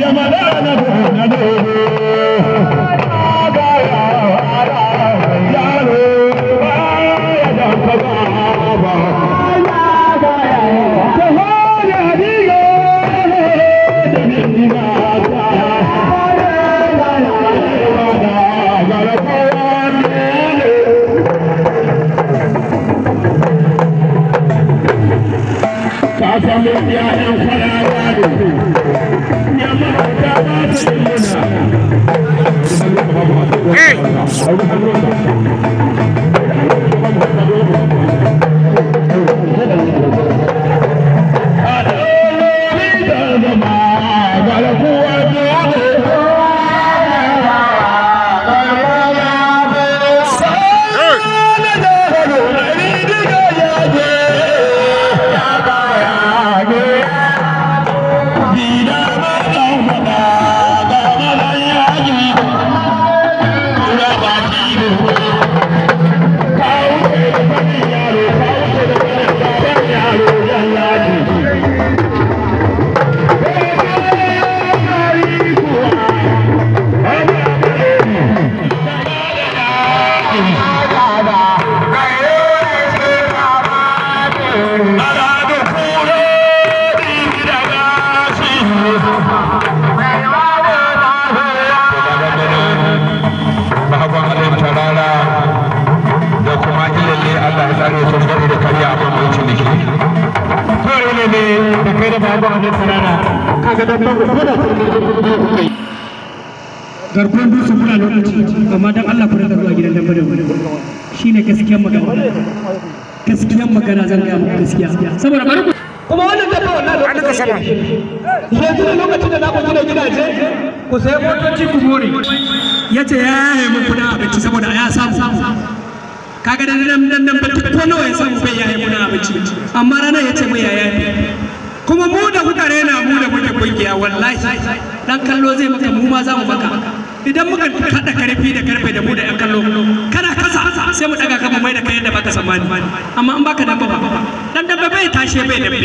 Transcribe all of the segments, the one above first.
Jamala na bo na do. waje kurara kaga dan lokaci amma dan Allah ku rika zuwa gidan dan bango shine gaskiyar magana gaskiyar magana zan ga muku gaskiya saboda bari kuma wannan dabba wannan lokacin yanzu lokacin da n'a ku gina gidaje ku sayi motoci ku more ya ce ya yi mun kuɗin abinci saboda ya samu kaga da nan nan ba duk ya samu bai ya yi kuɗin abinci amma ranar ya ce ya yafi kuma mu da kuka rena mu da muke kungiya wallahi dan kallo zai maka mu ma za mu baka idan muka kada karfi da karfe da mu da yan kallo kana kasa sai mu daga kama mai da kai yadda baka tsammani amma in baka dabba ba dan dabba bai tashi bai dabbe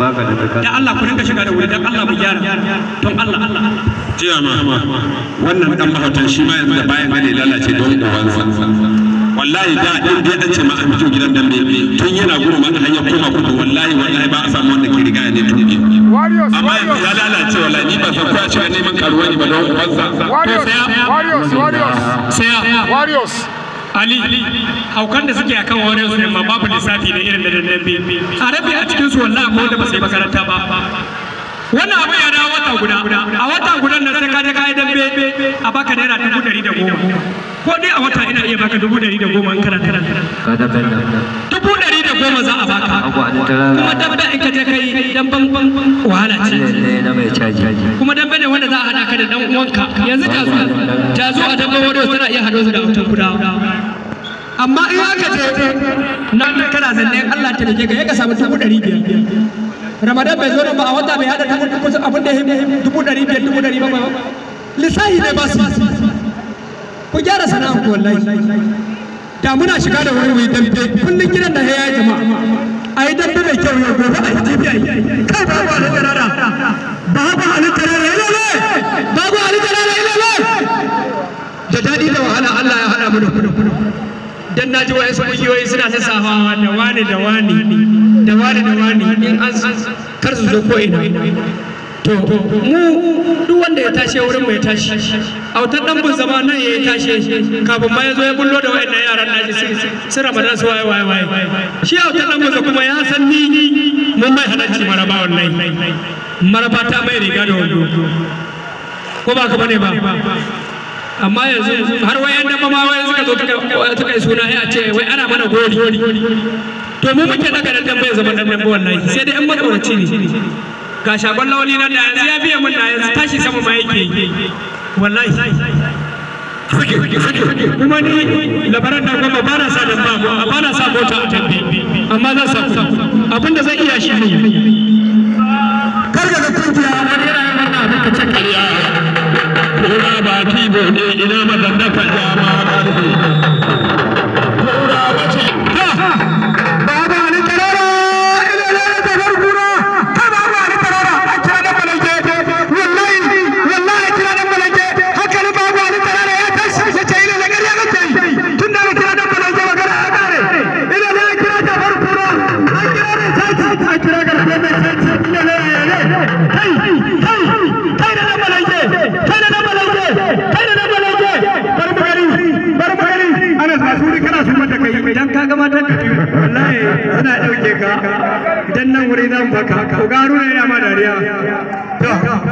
baka baka da Allah ku rinka shiga da wuri dan Allah mu gyara don Allah Allah jiya ma wannan dan mahautan shi ma yanzu da bayan gane lalace don uwansa wallahi da in dai an ce ma an fito gidan dambe tun yana gudu ma hanya koma kudu wallahi wallahi ba a samu ne tuki amma yanzu ya lalace wala ni ba san kwaci ga neman karuwa ne ba don ubansa warriors warriors warriors warriors Ali, haukan da suke akan warriors ne ma babu lissafi da irin da da nabi. A rabi a cikin su wallahi ko da ba yi makaranta ba. Wannan abu ya dawo wata guda. A wata guda na sai ka je kai dambe a baka naira dubu ɗari da goma. Ko dai a wata ina iya baka dubu ɗari da goma in kana Dubu ɗari da goma za a baka. Kuma dabba in ka je ka yi. damban wahala ce kuma dambe ne wanda za a haɗa ka da dan uwanka yanzu ta zo ta zo a damban wani tana iya haɗo su da autan kuda amma in aka je nan kana zanne Allah ta rike ka ya ka samu dubu ɗari biyar ramadan bai zo da ba a wata bai hada haɗa dubu kusan abin da dubu ɗari biyar dubu ɗari ba lissahi ne ba su ku gyara sana'a ku wallahi da muna shiga da wuri wuri dambe kullum gidan da ya yi jama'a a yi dambe mai kyau yau gobe a yi jibi yi na ji wa'insu ƙungiyoyi suna ta safawa da wani da wani da wani da wani in an kar su zo ko ina to mu duk wanda ya tashi wurin mai tashi autar dan bin zama nan ya tashi kafin ma ya zo ya bullo da wa'annan yaran naji sun ramadan su waye waye waye shi autar dan bin kuma ya san ni mun mai halarci maraba wannan maraba ta mai riga da wando ko ba ka bane ba amma yanzu har wayan da ma wayan suka zo suka yi suna ya ce wai ana mana gori to mu muke daga da tambaye zama dan dambe wallahi sai dai an matsoraci ne ga shagon lawali na da yanzu ya biya mun da yanzu tashi sama ma yake yi wallahi kuma ni labaran da goma ba na sa da ba ba na sa mota a tambi amma za sa abinda zai iya shi ne kar ga kungiya bode ina mazan dakan jama'a ƙarfi suna ɗauke ka idan nan wuri zan baka garu ne ma dariya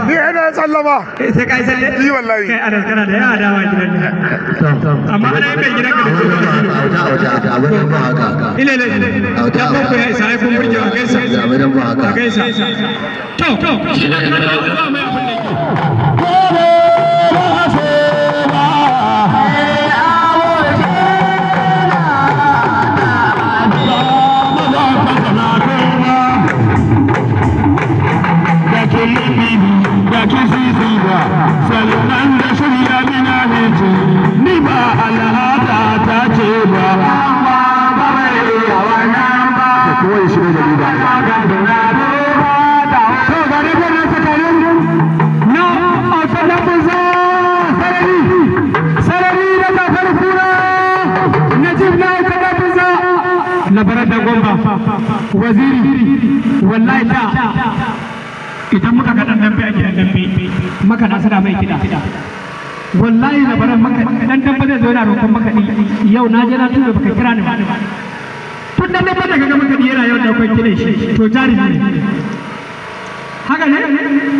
ni ina sallama eh, sai kai sai ni wallahi kai ana kana da ya adawa gidan amma ana yin gidan ka da abin nan ba haka ile ile ya kun burge wa kai abin nan ba haka kai to shi ne gabarar gomba waziri wallahi da idan muka kaɗan dambe ake ɗan dambe maka na sada mai kiɗa wallahi na baran maka ɗan dambe zai zo yana roƙon makaɗi yau na je na tuba baka kira ni ba tun da dambe daga ga makaɗi yana yau da kwai kiɗan shi to jari ne haka ne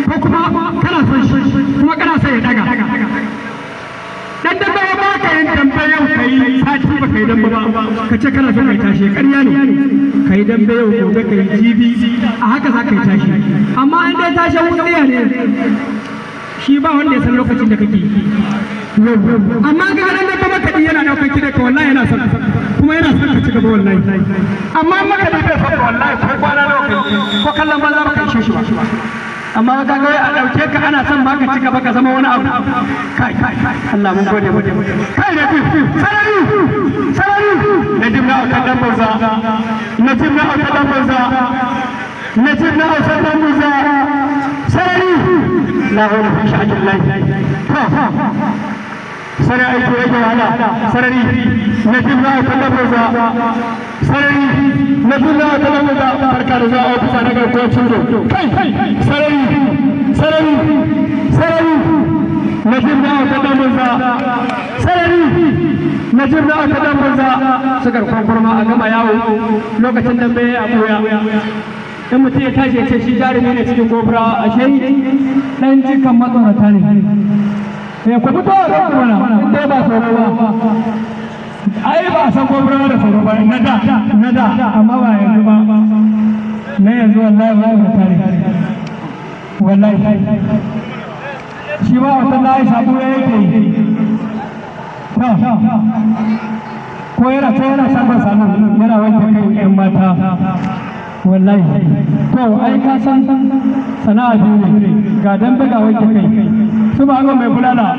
ko kuma kana son shi kuma kana son ya daga dan dambe ya yan tambayar kai sati ba kai dan ba ka ce kana tashi ƙarya ne gobe jibi a haka za ka yi tashi amma an dai tashi ne shi ba wanda ya san lokacin da kake amma ga nan da yana ka wallahi yana son kuma yana son ka ci gaba wallahi amma maka da wallahi ko kwana ko kallon banza shi ba amma ka ga a dauke ka ana son ba ka cika gaba ka zama wani abu kai Allah mun gode mu kai ne ku sarari sarari na dan bauza ne banza na dan bauza ne banza na jibna dan bauza sarari la hawla wa la quwwata illa billah sana aiki rage wahala sarari na jin za a tallafa sarari na jin za a tallafa barka da za a ofisa na garkuwar cindo sarari sarari sarari na jin za a tallafa sarari na jin za a tallafa su garkuwar kurma a gama yawo lokacin dambe a koya in mutum ya tashi ya ce shi jarumi ne cikin gobra a shayi dan jikan matsorata ne eh ku ba ai ba san ko bura da sauro ba na da amma ba yanzu ba yanzu wallahi ba tare wallahi shi ba wata na Aisha ko yake yi ko yana ta yana sabon yana wanke kai yan mata wallahi to ai ka san sana'a biyu ne ga dambe ga wanke kai su ba mai bulala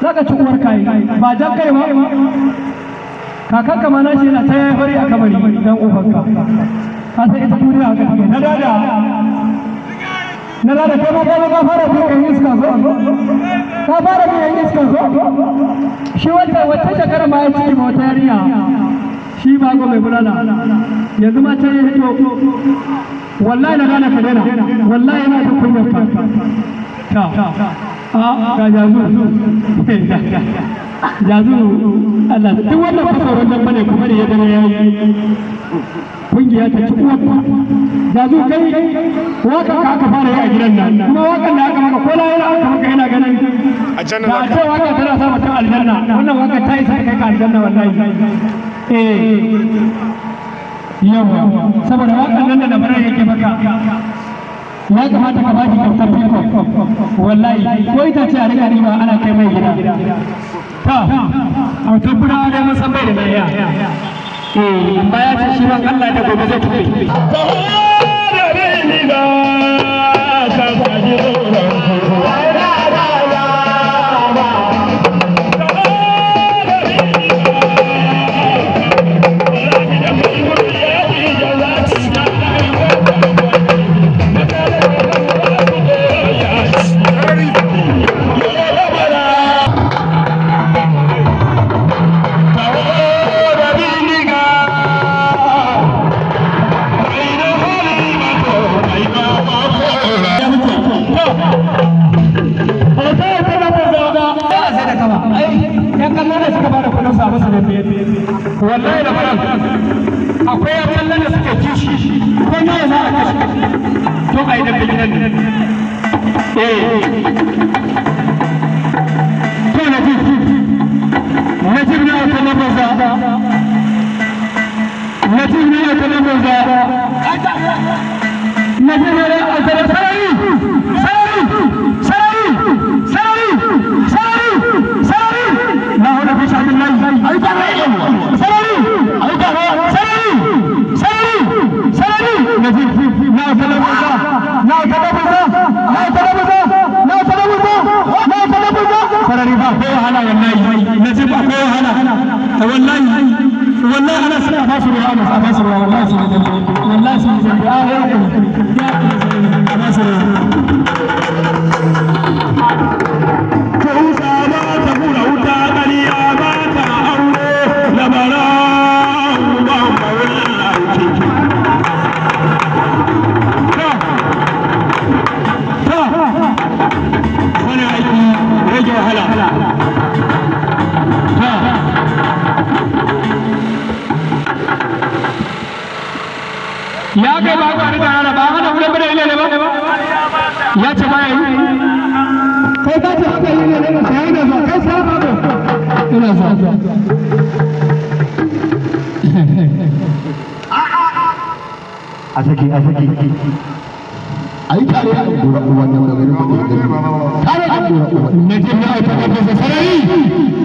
za ka ci uwar kayi ba jan kai ba kakan kama na shi na ta yi fari a kamari dan ubanka ka san ita duniya ga take na dada na dada kai ma kai ka fara bin yan iska zo ka fara bin yan iska zo shi wata wata shekara ma ya ciki ma wata yarinya shi ba go mai bulala yanzu ma ta yi hito wallahi na dada ka dena wallahi yana ta kunyar ka kyau a ga jazu jazu Allah duk wannan fasarar nan bane kuma ne ya zama yayi kungiya ta ci ka aka fara yi a gidan nan kuma wakan da aka maka ko la yana aka maka yana ganin a janna da ta waka tana sa mutum aljanna wannan waka ta yi kai ka aljanna wallahi eh yawa saboda nan da ya kamata ka baki kyautar fiko wallahi ko ita ce a rika riba ana kai mai gida ta a tabbura da masan bai da eh, mai ya eh baya ce shi ban Allah da gobe zai tafi Nasib aku hana, nasib والله والله انا سمعت ابا سوري انا ابا سوري والله سمعت والله سمعت اه يا ابا سوري याके बागवान जाना बागन अपने पे नहीं ले लेवा या चबाएं कैसा चबाएं नहीं ले लेवा चाय ना जाओ कैसा बागो ना जाओ अच्छा की अच्छा की आई था यार बुरा बुरा नंबर मेरे को नहीं देखा था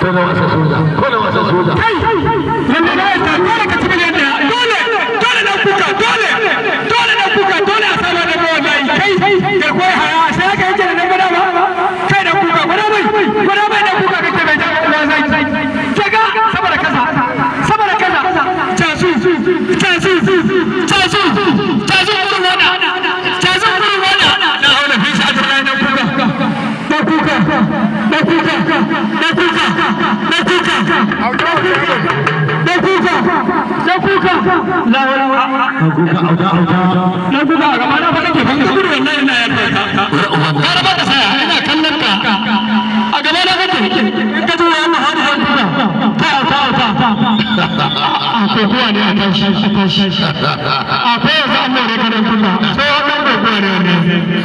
Tengo que es Aguga auda auda. Na guga a gaba na faɗa ke ban gudu wannan ina ya fata. Gara ba ka saya ina kallon ka. A gaba na kake in ka zuwa wannan hadu zan y'a Ta auta auta. Akwai kuwa ne a tashi a tashi. Akwai yanzu an mai ne kanan kuna. Sai wannan bai kuwa ne wannan.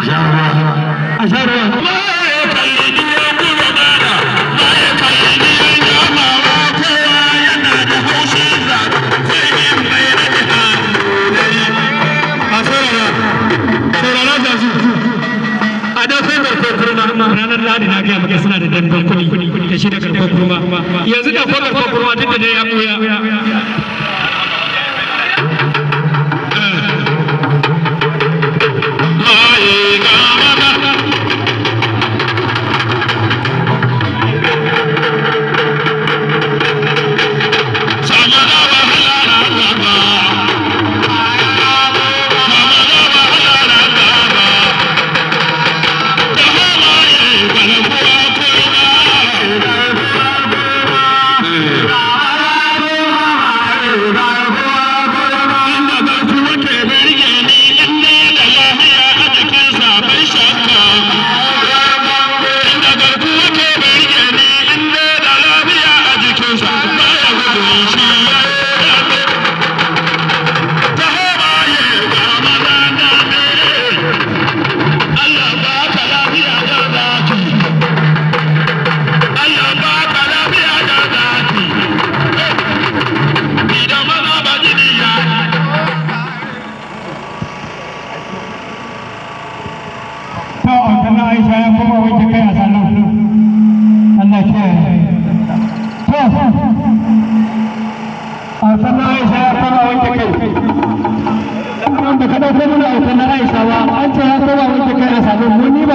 A sha ruwa. ya buya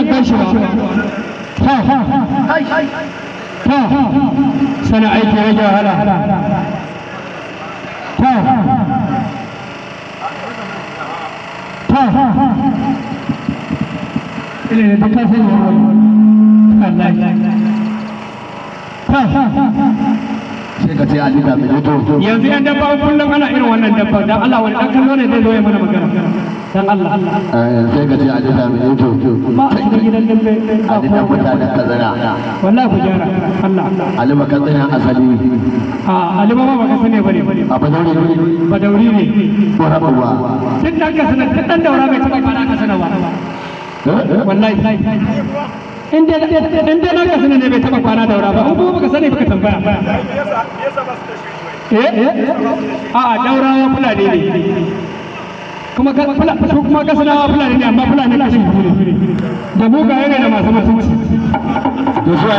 بشرى ها ها سنعيد رجاء ها إلى ذكر الله sai ka a mai to yanzu yan dabba kullum ana irin wannan dabba dan Allah wani dan kallo ne zai zo ya mana magana dan Allah eh, sai ka ce a lita mai to amma a cikin gidan dabbe a lita mutanen kazana wallahi ku gyara Allah alima kazana asali a alima ba baka sani bane a badauri ne badauri ne ko rabuwa duk dan kasana duk dan daura bai taba kana ka ba eh? wallahi in dai na kasu ne bai taba kwana daura ba in kuma baka sani baka tambaya eh, eh, a'a daurawa fulani ne kuma kuma wa fulani ne amma fulani kashin biyu ne da mugaye ne da masu mutunci